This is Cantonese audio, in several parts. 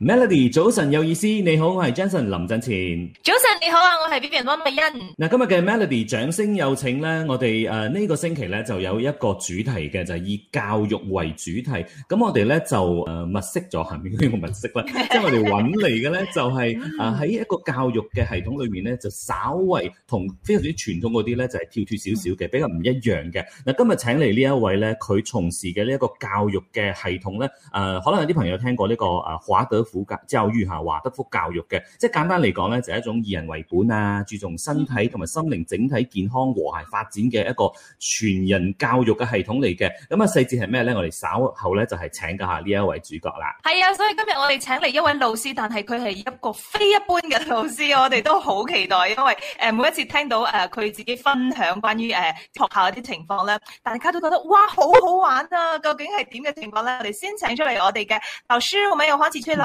Melody，早晨有意思，你好，我係 Jason 林振前。早晨你好啊，我係 B B 汪美欣。嗱，今日嘅 Melody 掌聲有請咧，我哋誒呢個星期咧就有一個主題嘅，就係、是、以教育為主題。咁我哋咧就誒物、呃、色咗下面呢個物色啦，即 係我哋揾嚟嘅咧就係誒喺一個教育嘅系統裏面咧，就稍為同非常之傳統嗰啲咧就係跳脫少少嘅，比較唔一樣嘅。嗱，今日請嚟呢一位咧，佢從事嘅呢一個教育嘅系統咧，誒、啊、可能有啲朋友聽過呢個誒華德。教育嘅，即係簡單嚟講呢，就係一種以人為本啊，注重身體同埋心靈整體健康和諧發展嘅一個全人教育嘅系統嚟嘅。咁啊，細節係咩呢？我哋稍後呢，就係請教下呢一位主角啦。係啊，所以今日我哋請嚟一位老師，但係佢係一個非一般嘅老師，我哋都好期待，因為誒每一次聽到誒佢自己分享關於誒學校一啲情況呢，大家都覺得哇好好玩啊！究竟係點嘅情況呢？我哋先請出嚟我哋嘅老師，後尾又開始出嚟。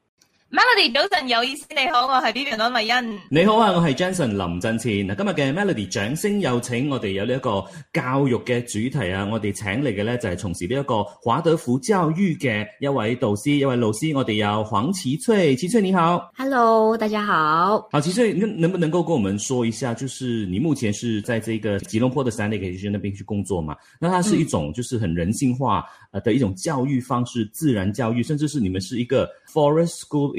Melody 早晨有意思，你好，我係 B B 林慧欣。你好啊，我是 j a n s o n 林振前。今日嘅 Melody 掌聲有請我哋有呢一個教育嘅主題啊！我哋請嚟嘅咧就係、是、從事呢一個華德福教育嘅一位導師，一位老師，師。我哋有黃琪翠，琪翠你好。Hello，大家好。好，琪翠，能不能夠跟我們說一下，就是你目前是在這個吉隆坡的 s a n l e y 那邊去工作嘛？那它是一種就是很人性化啊的一種教育方式，嗯，自然教育，甚至是你們是一個 Forest School。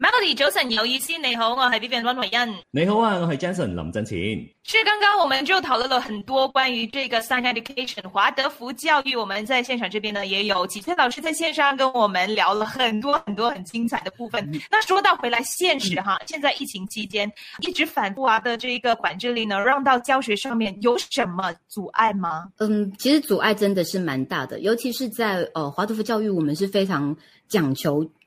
MELODY 掌聲有請，你好，我係 Bianwen 韋恩。你好啊，我係 Jason 林真晴。是剛剛我們就討論了很多關於這個 Sign Education 華德福教育，我們在現場這邊呢也有幾位老師在線上跟我們聊了很多很多很精彩的部分。嗯、那說到回來現實哈、嗯，現在疫情期間一直反覆啊的這個管制令呢，讓到教學上面有什麼阻礙嗎？嗯，其實阻礙真的是蠻大的，尤其是在呃華德福教育，我們是非常講求。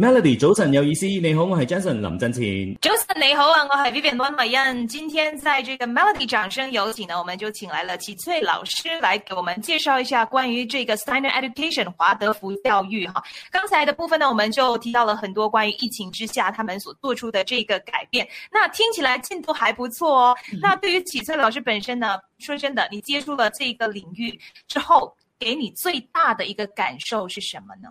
Melody，早晨有意思，你好，我係 Jason 林振前。Jason 你好啊，我係 Vivian 溫慧燕。今天在這個 Melody 掌聲有請呢，我們就請來了琪翠老師來給我們介紹一下關於這個 Steiner Education 華德福教育哈、啊。剛才的部分呢，我們就提到了很多關於疫情之下他們所做出的這個改變，那聽起來進度還不錯哦。那對於琪翠老師本身呢，說真的，你接觸了這個領域之後，給你最大的一個感受是什麼呢？